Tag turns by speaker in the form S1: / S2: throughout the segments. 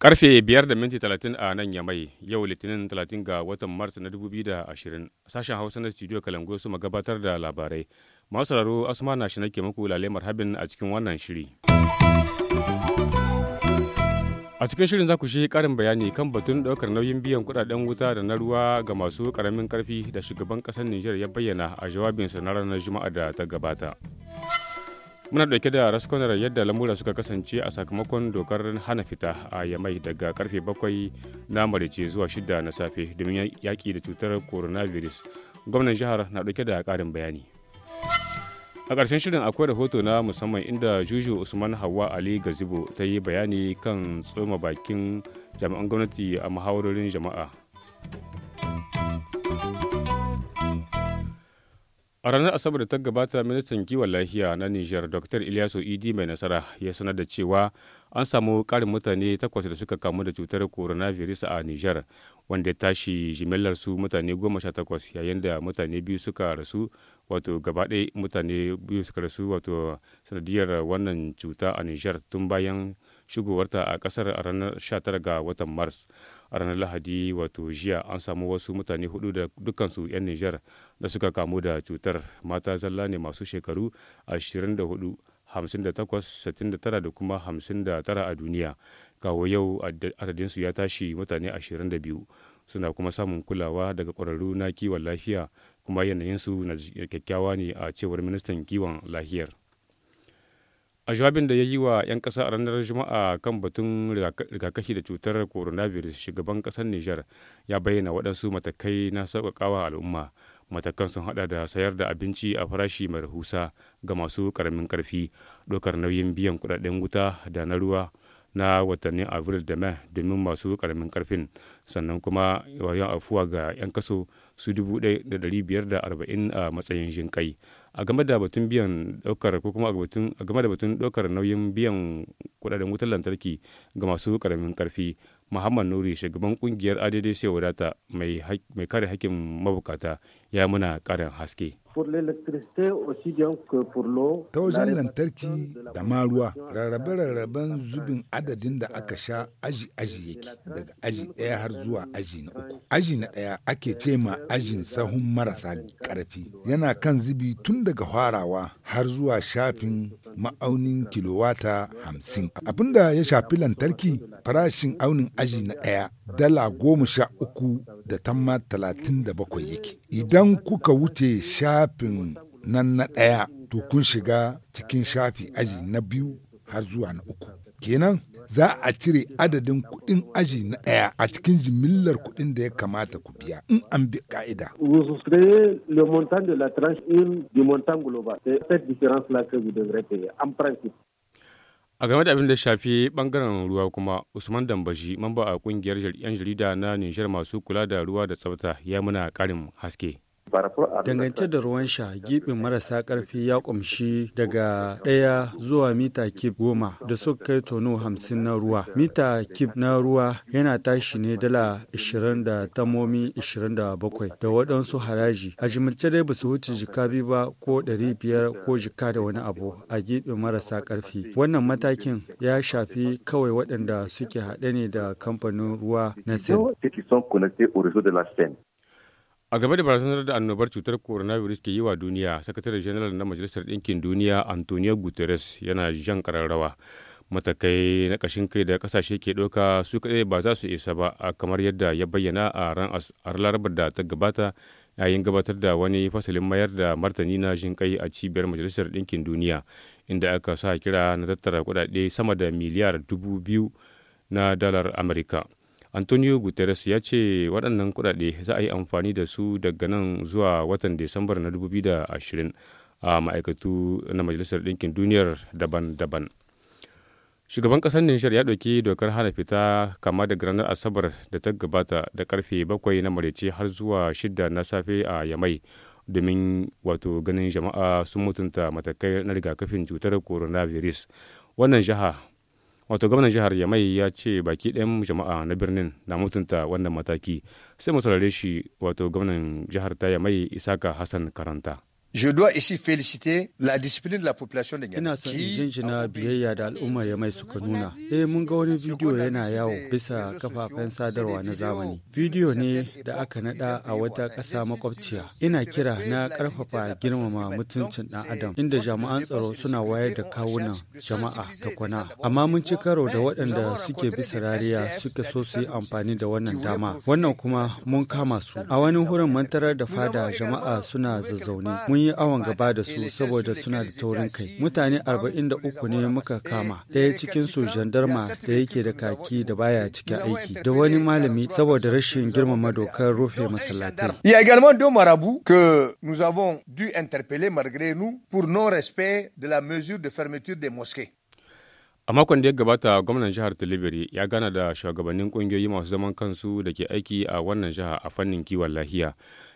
S1: Karfe biyar da minti talatin a nan ya Yamai, yau Litinin talatin ga watan Mars na dubu biyu da ashirin Sashen Hausa na studio Kalangu su gabatar da labarai. Masu sauraro asuma na shi nake muku lalemar habin a cikin wannan shiri. A cikin shirin za ku shi karin bayani kan batun ɗaukar nauyin biyan kuɗaɗen wuta da na ruwa ga masu ƙaramin ƙarfi da shugaban ƙasar Nijar ya bayyana a jawabinsa na ranar Juma'a da ta gabata. Muna ɗauke da raskonar yadda lamura suka kasance a sakamakon dokar hana fita a Yamai daga karfe bakwai na marice zuwa shida na safe domin yaƙi da cutar coronavirus. Gwamnan jihar na ɗauke da ƙarin bayani. a ƙarshen shirin akwai rahoto na musamman inda juju usman hawa ali gazibo ta yi bayani kan tsoma bakin jami'an gwamnati a muhawarorin jama'a a ranar asabar da ta gabata ministan kiwon lafiya na niger dr ilyasu idi mai nasara ya sanar da cewa an samu ƙarin mutane takwas da suka kamu da cutar coronavirus a niger wanda ya tashi jimillar su mutane goma sha takwas yayin da mutane biyu suka rasu wato gaba mutane biyu suka rasu wato sanadiyar wannan cuta a nijar tun bayan shigowarta a kasar a ranar 19 ga watan mars a ranar lahadi wato jiya an samu wasu mutane hudu da dukansu 'yan nijar da suka kamu da cutar mata zalla ne masu shekaru 24 58 da kuma 59 a duniya kawo yau adadinsu ya tashi mutane 22 suna kuma samun kulawa daga ƙwararru na kiwon lafiya kuma su na kyakkyawa ne a cewar ministan kiwon lahiyar a jawabin da ya yi wa 'yan kasa a ranar juma'a kan batun rigakafi da cutar coronavirus shugaban kasar niger ya bayyana waɗansu matakai na sauƙaƙawa al'umma matakan sun hada da sayar da abinci a farashi mai rahusa ga masu ƙaramin ƙarfi ɗaukar nauyin biyan kuɗaɗen wuta da na ruwa na watannin abril da mai domin masu ƙaramin ƙarfin. sannan kuma yawan afuwa ga 'yan kaso su 1,540 a matsayin jinƙai a game da batun biyan ɗaukar ko kuma a game da batun daukar nauyin biyan kudaden wutar lantarki ga masu karamin karfi muhammad nuri shugaban kungiyar sai wadata mai kare hakkin mabukata ya muna karin haske
S2: ta wajen lantarki
S3: da ma ruwa rarrabe-rarraben zubin adadin da aka sha aji-aji yake daga aji ɗaya har zuwa aji na uku. Aji na ɗaya ake ce ma ajin sahun marasa ƙarfi. Yana kan zubi tun daga farawa har zuwa shafin ma'aunin kilowata hamsin. Abin da ya shafi lantarki farashin aunin aji na ɗaya dala goma sha uku da tamma talatin da bakwai yake. Idan kuka wuce shafin nan na ɗaya to kun shiga cikin shafi aji na biyu har zuwa na uku. Kenan za a cire adadin kuɗin aji na ɗaya a cikin jimillar kuɗin da ya kamata ku biya in an bi
S2: ka'ida.
S1: A game da abin da shafi bangaren ruwa kuma Usman Dambashi mamba a kungiyar 'yan jarida na Nijar masu kula da ruwa da tsafta ya muna karin haske.
S2: Dangance da ruwan sha, gibin marasa karfi ya kumshi daga ɗaya zuwa mita kib goma da suka kai tono hamsin na ruwa. Mita kib na ruwa yana tashi ne dala ishirin da tamomi ishirin da bakwai da waɗansu haraji. A jimilce dai ba su wuce jika biyu ba ko ɗari biyar ko jika da wani abu a gibin marasa karfi Wannan matakin ya shafi kawai waɗanda suke haɗe ne da kamfanin ruwa na Sen.
S1: A gaba da barazanar da annobar cutar coronavirus ke yi wa duniya, sakataren janar na Majalisar Ɗinkin Duniya Antonio Guterres yana jan kararrawa Matakai na kashin kai da kasashe ke ɗauka su kaɗai ba za su isa ba kamar yadda ya bayyana a ran larabar da ta gabata yayin gabatar da wani fasalin mayar da martani na jin kai a cibiyar Majalisar Ɗinkin Duniya inda aka sa kira na tattara kuɗaɗe sama da miliyar dubu biyu na dalar Amurka. antonio guterres ya ce waɗannan kuɗaɗe za a yi amfani da su daga nan zuwa watan disambar na 2020 a ma'aikatu na majalisar ɗinkin duniyar daban-daban shugaban ƙasar nishar ya ɗauki dokar hana fita kama daga ranar asabar da ta gabata da ƙarfe bakwai na marece har zuwa shida na safe a yamai domin wato ganin jama'a sun mutunta matakai na rigakafin cutar coronavirus wannan jiha wato gwamnan jihar yamai ya ce baki ɗayan jama'a na birnin na mutunta wannan mataki sai mu saurare shi wato gwamnan jihar ta yamai isaka hassan karanta
S2: Je dois ici féliciter la discipline de la population de Ghana. Ina son jinjina biyayya da al'umma ya mai suka nuna. Eh mun ga wani bidiyo yana yawo bisa kafafen sadarwa na zamani. Bidiyo ne da aka nada a wata ƙasa makwabciya. Ina kira na ƙarfafa girmama mutuncin ɗan adam inda jami'an tsaro suna wayar da kawunan jama'a da kwana. Amma mun ci karo da waɗanda suke bisa rariya suka so su yi amfani da wannan dama. Wannan kuma mun kama su. A wani hurin mantarar da fada jama'a suna zazzaune. Mun yi awon gaba da su saboda suna da taurin kai. Mutane 43 ne muka kama, ɗaya cikin su jandarma da yake da kaki da baya cikin aiki, da wani malami saboda rashin girmama dokar rufe masallatai.
S3: Il également deux
S2: que nous avons
S3: dû interpeller malgré nous pour non-respect de la mesure de fermeture des mosquées.
S1: A makon da ya gabata gwamnan jihar Tilibiri ya gana da shugabannin kungiyoyi masu zaman kansu da ke aiki a wannan jiha a fannin kiwon lafiya.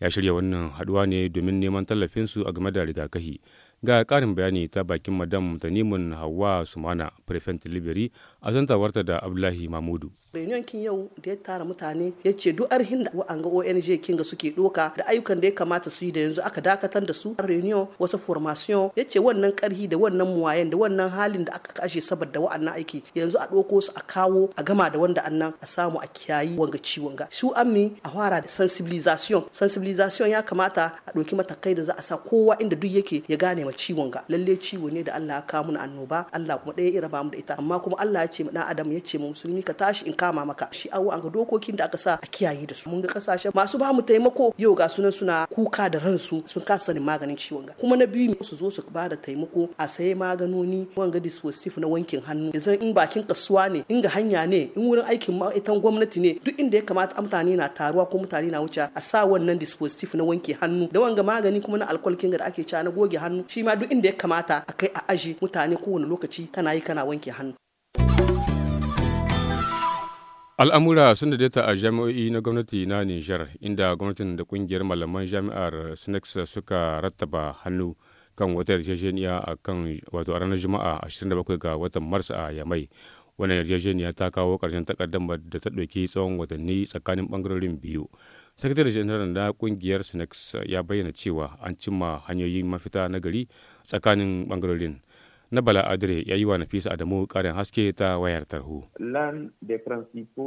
S1: ya shirya wannan haduwa ne domin neman tallafinsu a game da rigakafi Ga karin bayani ta bakin Madam Tanimun hawa Sumana, Prefect Liberi, a zantawarta da Abdullahi Mamudu.
S4: Reunion kin yau da ya tara mutane ya ce duk arhin da ga ONG ga suke doka da ayyukan da ya kamata su yi da yanzu aka dakatar da su. Reunion wasu formation ya ce wannan karhi da wannan muwayen da wannan halin da aka kashe saboda wa'annan aiki yanzu a doko su a kawo a gama da wanda annan a samu a kiyayi wanga ciwon ga. Su ammi a fara da sensibilization. Sensibilization ya kamata a ɗauki matakai da za a sa kowa inda duk yake ya gane ciwon ga lalle ciwo ne da Allah ya kawo annoba Allah kuma ɗaya iraba mu da ita amma kuma Allah ya ce mu dan adam ya ce mu musulmi ka tashi in kama maka shi awo an ga dokokin da aka sa a kiyaye da su mun ga kasashe masu ba mu taimako yau ga sunan suna kuka da ransu sun kasa sanin maganin ciwon ga kuma na biyu su zo su ba da taimako a sayi maganoni wanga dispositif na wankin hannu yanzu in bakin kasuwa ne in ga hanya ne in wurin aikin ma'aikatan gwamnati ne duk inda ya kamata amtani na taruwa ko mutane na wuce a sa wannan dispositif na wanke hannu da wanga magani kuma na alkwalkin da ake ca na goge hannu shi ma duk inda ya kamata a kai a aji mutane kowane lokaci kana yi kana wanke hannu
S1: al'amura sun da data a jami'o'i na gwamnati na nijar inda gwamnatin da kungiyar malaman jami'ar sinex suka rattaba hannu kan wata yarjejeniya a kan wato a ranar juma'a 27 ga watan mars a yamai wannan yarjejeniya ta kawo ƙarshen takaddamar da ta ɗauki tsawon watanni tsakanin ɓangarorin biyu sakatare janar na kungiyar sinex ya bayyana cewa an cimma hanyoyin mafita na gari tsakanin bangarorin na Bala Adire ya yi wa Nafisa Adamu ƙarin haske ta wayar tarho.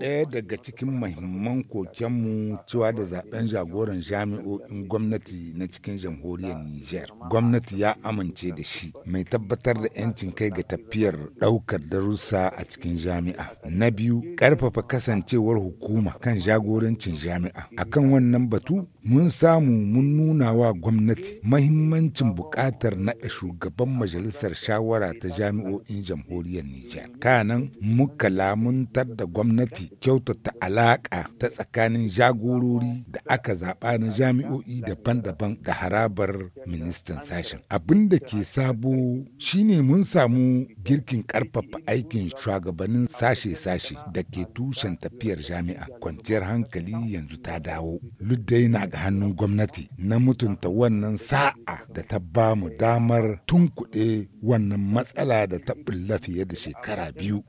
S3: Ɗaya daga cikin mahimman kokenmu cewa da zaɓen jagoran jami'o'in gwamnati na cikin jamhuriyar Nijar. Gwamnati ya amince da shi mai tabbatar da 'yancin kai ga tafiyar ɗaukar darussa a cikin jami'a. Na biyu, ƙarfafa kasancewar hukuma kan jagorancin jami'a. Akan wannan batu, mun samu mun nuna wa gwamnati mahimmancin buƙatar naɗa shugaban majalisar shawara ta jami'o'in jamhuriyar Nijar. Kanan muka lamuntar da gwamnati kyautata alaƙa ta tsakanin jagorori da aka zaɓa na jami'o'i daban-daban da harabar ministan sashen. Abin da ke sabo shine mun samu girkin ƙarfafa aikin shugabannin sashe-sashe da ke tushen tafiyar jami'a. Kwanciyar hankali yanzu ta dawo. Luddai da hannun gwamnati na mutunta wannan sa'a da ta ba mu damar tunkuɗe wannan matsala da ta bulla da shekara biyu.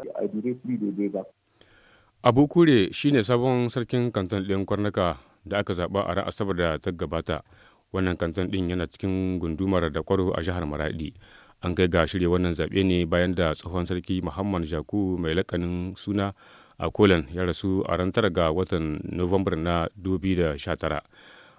S1: Abu Kure shi ne sabon sarkin kanton ɗin kwarnaka da aka zaɓa a ran Asabar da ta gabata. Wannan kanton ɗin yana cikin gundumar da kwaro a jihar maradi An kai ga shirya wannan zaɓe ne bayan da tsohon sarki Muhammad Jaku mai lakanin suna a Akolan ya rasu a ran tara ga watan Nuwambar na 2019.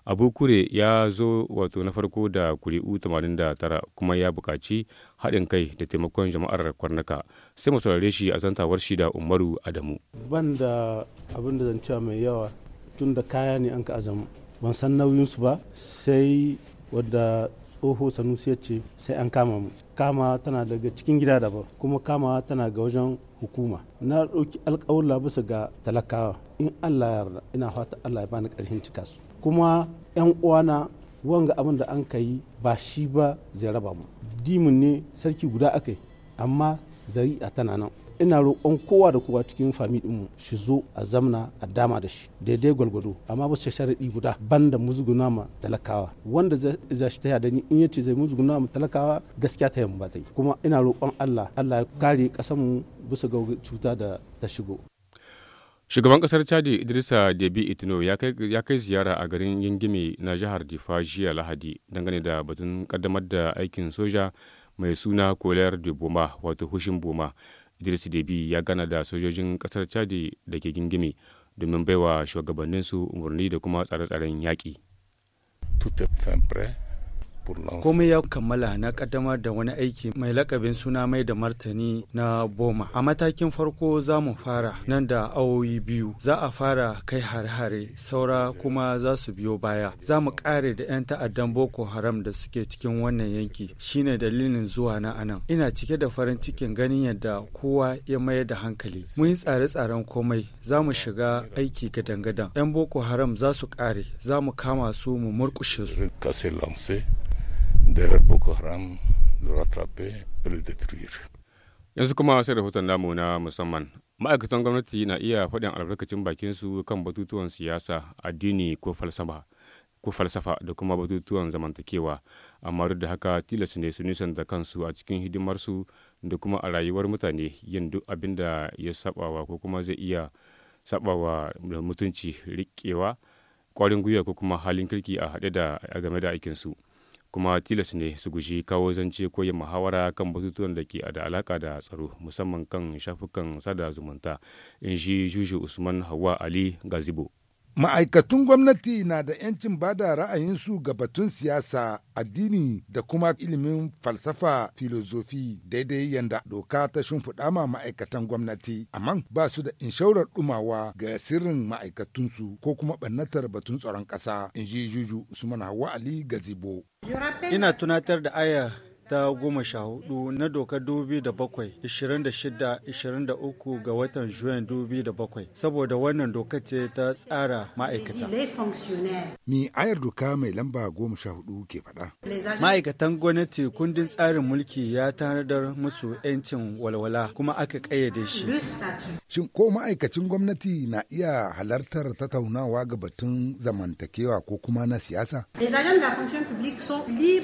S1: Abu Kure ya zo wato na farko da kuri'u 89 kuma ya bukaci haɗin kai da taimakon jama'ar kwarnaka sai mu saurare shi a zantawar shi da Umaru Adamu.
S2: Ban da abin da zan mai yawa tun da kaya ne an ka azamu ban san nauyinsu ba sai wadda tsoho sanusi ya ce sai an kama mu kama tana daga cikin gida daban kuma kama tana ga wajen hukuma na ɗauki alƙawalla bisa ga talakawa in allah yarda ina fata allah ya bani ƙarfin cika su kuma yan uwana wanga abin da an kai ba shi ba zai raba mu dimin ne sarki guda aka yi amma zari'a tana nan ina roƙon kowa da kowa cikin fami mu shi zo a zamna a dama da shi daidai gwalgwado amma ba su sharaɗi guda ban da muzguna ma talakawa wanda za shi taya da ni in yace zai muzguna ma talakawa gaskiya ta yamma ba ta yi kuma ina roƙon Allah Allah ya kare mu bisa ga cuta da ta shigo.
S1: Shugaban kasar Chadi Idrisa Debi Itino ya kai ziyara a garin Yingime na jihar Difa jiya Lahadi dangane da batun kaddamar da aikin soja mai suna kolayar de Boma wato hushin Boma idris debi ya gana da sojojin kasar chadi da ke gingime domin baiwa shugabanninsu umarni da kuma tsare-tsaren yaƙi. komai
S2: ya kammala na kaddamar da wani aiki mai lakabin suna mai da martani na boma a matakin farko za mu fara nan da awoyi biyu za a fara kai har hare saura kuma za su biyo baya za mu kare da 'yan ta'addan boko haram da suke cikin wannan yanki shine dalilin zuwa na anan ina cike da farin cikin ganin yadda kowa ya mayar da hankali mun yi tsare-tsaren komai za mu shiga aiki gadan-gadan 'yan boko haram za su kare za mu kama su mu murkushe su
S1: da boko haram rattraper le détruire. Yanzu kuma sai rahoton namu na musamman. Ma'aikatan gwamnati na iya faɗin albarkacin su kan batutuwan siyasa, addini ko falsafa. ko falsafa da kuma batutuwan zamantakewa amma duk da haka tilas ne su nisanta kansu a cikin hidimarsu da kuma a rayuwar mutane yin duk abin da ya sabawa ko kuma zai iya sabawa mutunci riƙewa ƙwarin gwiwa ko kuma halin kirki a haɗe da game da aikinsu. su kuma tilas ne su guji kawo zance ko yin muhawara kan batutuwan da ke da alaka da tsaro musamman kan shafukan sada zumunta in shi usman hawa ali gazibo
S3: Ma'aikatun gwamnati na da 'yancin ba da ra'ayinsu ga batun siyasa, addini da kuma ilimin falsafa filozofi daidai yanda doka ta shimfiɗa ma ma'aikatan gwamnati, amma ba su da inshaurar ɗumawa ga sirrin ma'aikatunsu
S2: ko kuma ɓannatar batun tsaron ƙasa, in ji Juju Usman Hawa Ali Gazibo. Ina tunatar da aya ta goma sha hudu na doka dubi da bakwai ishirin da shida ishirin da uku ga watan juyan dubi da bakwai saboda wannan doka ce ta tsara ma'aikata. Mi ayar doka mai lamba goma sha hudu ke faɗa. Ma'aikatan gwamnati kundin tsarin mulki ya tanadar musu 'yancin walwala kuma aka ƙayyade shi. Shin ko
S3: ma'aikacin gwamnati na iya halartar tattaunawa
S2: ga batun zamantakewa ko kuma na siyasa?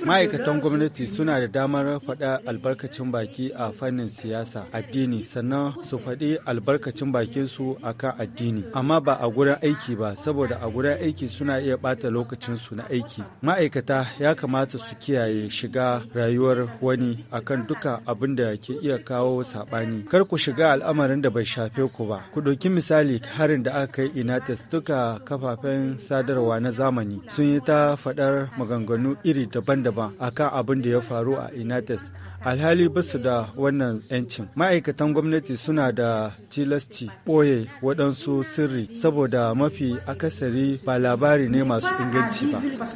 S4: Ma'aikatan gwamnati suna
S2: da damar faɗa albarkacin baki a fannin siyasa addini sannan su faɗi albarkacin bakinsu a kan addini amma ba a gurin aiki ba saboda a gurin aiki suna iya ɓata lokacinsu na aiki ma'aikata ya kamata su kiyaye shiga rayuwar wani akan duka abin da ke iya kawo saɓani kar ku shiga al'amarin da bai shafe ku ba ku ɗauki misali harin da aka yi inates duka kafafen sadarwa na zamani sun yi ta faɗar maganganu iri daban-daban akan abin da ya faru a inates alhali ba su da wannan 'yancin ma'aikatan gwamnati suna da tilasci ɓoye waɗansu sirri saboda mafi akasari ba labari
S3: ne masu inganci ba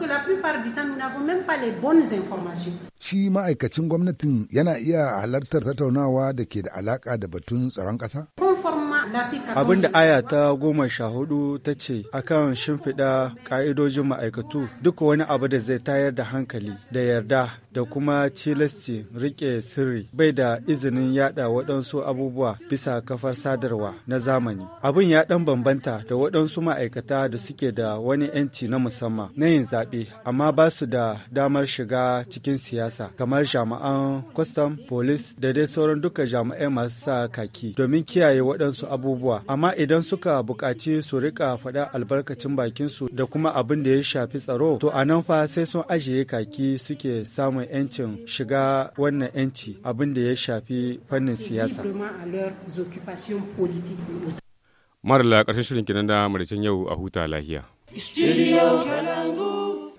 S3: shi ma'aikacin gwamnatin yana iya halartar tattaunawa da ke da alaƙa
S2: da batun tsaron ƙasa abin da aya ta goma sha hudu ta ce a kan shimfiɗa ƙa'idojin ma'aikatu duk wani abu da zai tayar da hankali da yarda da kuma cilasci rike sirri bai da izinin yada waɗansu abubuwa bisa kafar sadarwa na zamani abin ya ɗan bambanta da waɗansu ma'aikata da suke da wani 'yanci na musamman na yin zaɓe amma ba su da damar shiga cikin siyasa kamar jami'an kwastam polis da dai sauran duka jami'ai masu sa kaki domin kiyaye waɗansu abubuwa amma idan suka buƙaci su rika faɗa albarkacin bakinsu da kuma abin da ya shafi tsaro to a nan fa sai sun ajiye kaki suke samun samun 'yancin shiga wannan 'yanci abin da ya shafi fannin siyasa.
S1: Mara la shirin kinan da maricin yau a huta lahiya. Studio
S4: Kalangu.